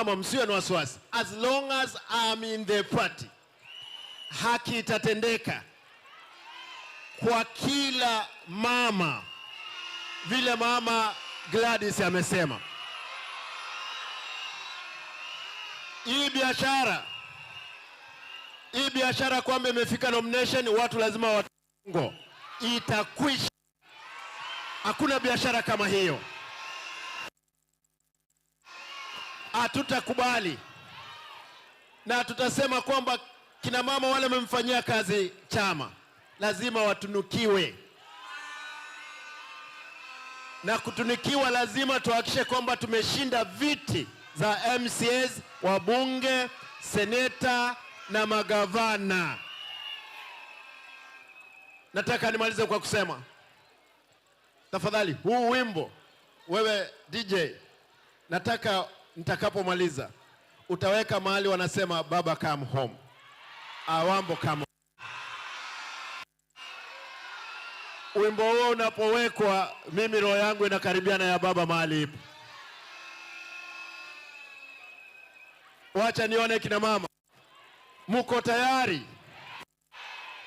msimamo, msiwe na wasiwasi, as long as I'm in the party, haki itatendeka kwa kila mama, vile mama Gladys amesema. Hii biashara hii biashara kwamba imefika nomination, watu lazima watungo, itakwisha. Hakuna biashara kama hiyo. hatutakubali na tutasema kwamba kina mama wale wamemfanyia kazi chama lazima watunukiwe, na kutunukiwa lazima tuhakikishe kwamba tumeshinda viti za MCAs, wabunge, seneta na magavana. Nataka nimalize kwa kusema tafadhali, huu wimbo wewe DJ, nataka nitakapomaliza utaweka mahali wanasema baba come home, awambo kama Wimbo huo unapowekwa, mimi roho yangu inakaribiana ya baba mahali ipo. Wacha nione kina mama, muko tayari?